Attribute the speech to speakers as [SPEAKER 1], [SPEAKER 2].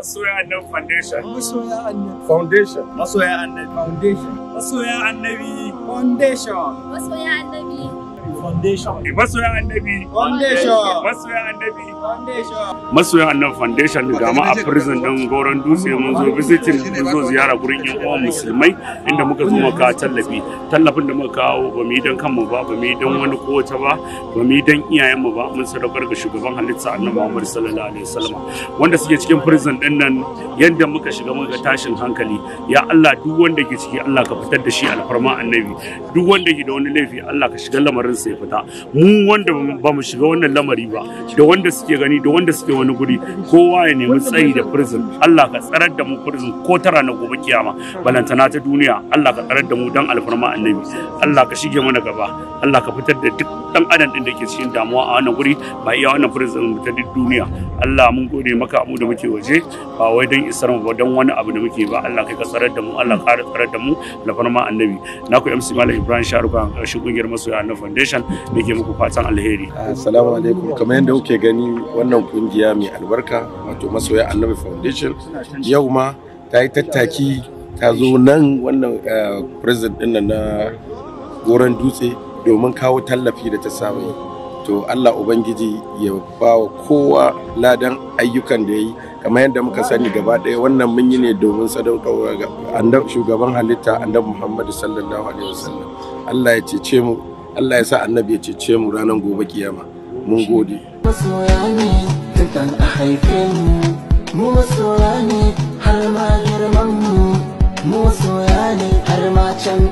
[SPEAKER 1] Masoya Annabi Foundation. Masoya Annabi. Foundation. Masoya Annabi. Foundation. Masoya Annabi. Foundation. Masoya Annabi. Foundation. Eh, masoyan Annabi. Foundation. Eh, masoyan Annabi. Foundation. Masoyan Annabi Foundation ga ma a prison din Goron Dutse mun zo visiting mun zo ziyara gurin yan uwan musulmai inda muka zo muka tallafi. Tallafin da muka kawo ba mu yi dan kanmu ba ba mu yi dan wani kowace ba ba mu yi dan iyayenmu ba mun sadaukar ga shugaban halitta Annabi Muhammad sallallahu alaihi wasallam wanda suke cikin prison din nan yadda muka shiga muka tashin hankali ya Allah duk wanda ke ciki Allah ka fitar da shi alfarma Annabi duk wanda ke da wani laifi Allah ka shiga lamarinsa ya fita mu wanda ba mu shiga wannan lamari ba da wanda suke gani da wanda suke wani guri kowa ya nemi tsayi da prison Allah ka tsarar da mu prison ko tara na gobe kiyama balantana ta duniya Allah ka tsarar da mu dan alfarma annabi Allah ka shige mana gaba Allah ka fitar da duk dan adam din da ke cikin damuwa a wannan guri ba iya wannan prison ta duk duniya Allah mun gode maka mu da muke waje ba wai dan isar mu ba dan wani abu da muke ba Allah kai ka tsarar da mu Allah ka tsarar da mu alfarma annabi na ku MC Malam Ibrahim Sharuka shi kungiyar masoya na foundation Foundation da ke muku fatan alheri. Assalamu alaikum kamar yadda kuke gani wannan kungiya mai albarka wato masoya Annabi Foundation
[SPEAKER 2] yau ma ta yi tattaki ta zo nan wannan eh, president din na goron dutse domin kawo tallafi da ta samu To Allah Ubangiji ya ba wa kowa ladan ayyukan da ya yi kamar yadda muka sani gaba ɗaya wannan mun yi ne domin sadaukarwa ga shugaban halitta annabi Muhammadu sallallahu alaihi wasallam Allah ya cece mu Allah ya sa annabi ya cece mu ranar gobe kiyama mun gode mu mu
[SPEAKER 1] masoya ne har ma girman mu mu masoya ne har ma can